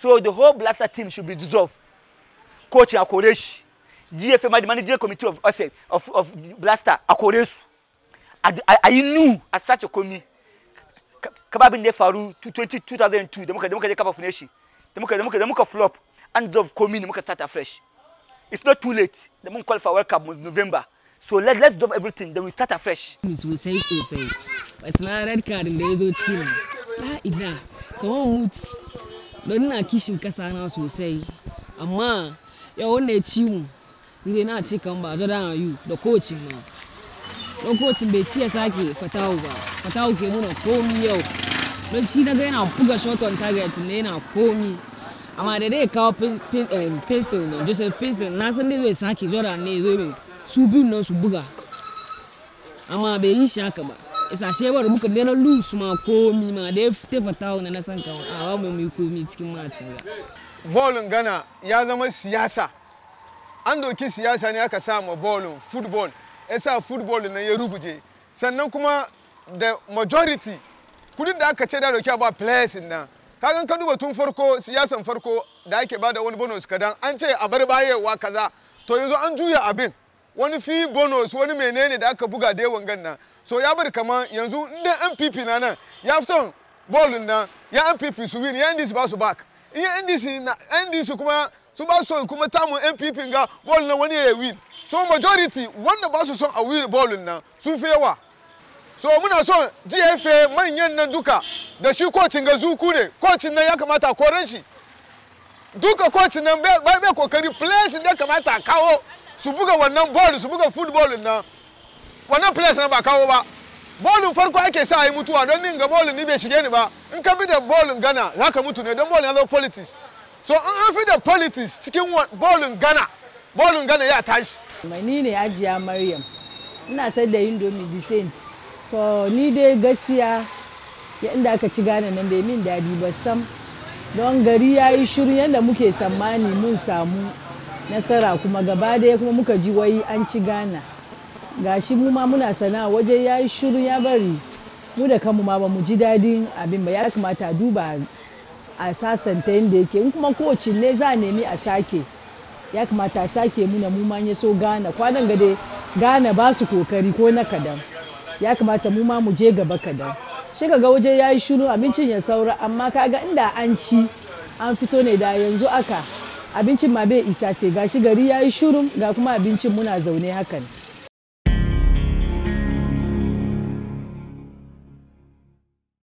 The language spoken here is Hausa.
So the whole Blaster team should be dissolved. Coach akoresh kore GFM, the managing committee of, FM, of, of Blaster, a i i A as such a sace komi. Kababin da ya faru 2002 da muka je kafa fune shi. Da muka flop. and dissolve komi ne muka start afresh. It's not too late. The mun qualify World Cup November. So let, let's do everything, then we start afresh. Sosai sosai. Wasu ma red card da ya zo cikin. Ba ina, kamar hutu. don ina kishin kasa na sosai amma ya wanda ya ci mu ni na ci kan ba jordan ayu da kocin ma don kocin bai ci ya sake fatawu ba fatawu ke muna komi yau don shi na ga yana buga shot on target ne yana komi amma da dai kawo piston eh, joseph piston na san dai zai sake jordan ne zai su biyu nan su buga amma bai yi shi haka ba isa shebar muka dena na ma komi ma da ya tafa tawo na san kawai a ba mu komi cikin macin ga bolin gana ya zama siyasa an doki siyasa ne aka sa ma bolin football ya e sa football na ya rubuje sannan kuma da majority kudin da aka ce da doki ba players na kagan ka duba tun farko siyasan farko da ake bada wani bonus kadan an ce a bar bayewa kaza to yanzu an juya abin wani fi bonus wani menene da aka buga da wangan nan so ya bar kama yanzu inda npp na nan ya fi son bolin nan ya npp su win ya ndc ba su back in ya ndc na ndc kuma su ba son kuma tamun npp ga ball na wani ya win so majority wanda ba su son a win bolin nan su fi yawa so muna son gfa manyan nan duka da shi kocin ga zuku ne kocin nan ya kamata a shi duka kocin nan bai kokari place da kamata a kawo su buga wannan ball su buga football nan wannan players na ba kawo ba bolin farko ake sa yi mutuwa don nin ga bolin ni bai shige ni ba in ka bi da bolin gana za ka mutu ne don bolin ya zo politics so in an fi da politics cikin bolin gana bolin gana ya tashi ni ne ajiya maryam ina sai da indomie decent to ni dai gaskiya yadda aka ci gane nan bai min dadi ba sam don gari ya yi shiru yadda muke tsammani mun samu nasara kuma gaba daya kuma muka ji wai an ci ghana gashi mu ma muna sana'a waje ya yi shiru ya bari mu da kanmu ma ba mu ji dadin abin ba ya kamata a duba a sasanta yadda yake in kuma kowace ne za a nemi a sake ya kamata a sake muna mu ma ya so ghana kwanan gade ghana ba su kokari ko na kadan ya kamata mu ma mu je gaba kadan shi ga waje ya yi shiru abincin ya saura amma kaga inda an ci an fito ne da yanzu aka abincin ma bai isa sai gashi gari ya yi shurum ga kuma abincin muna zaune hakan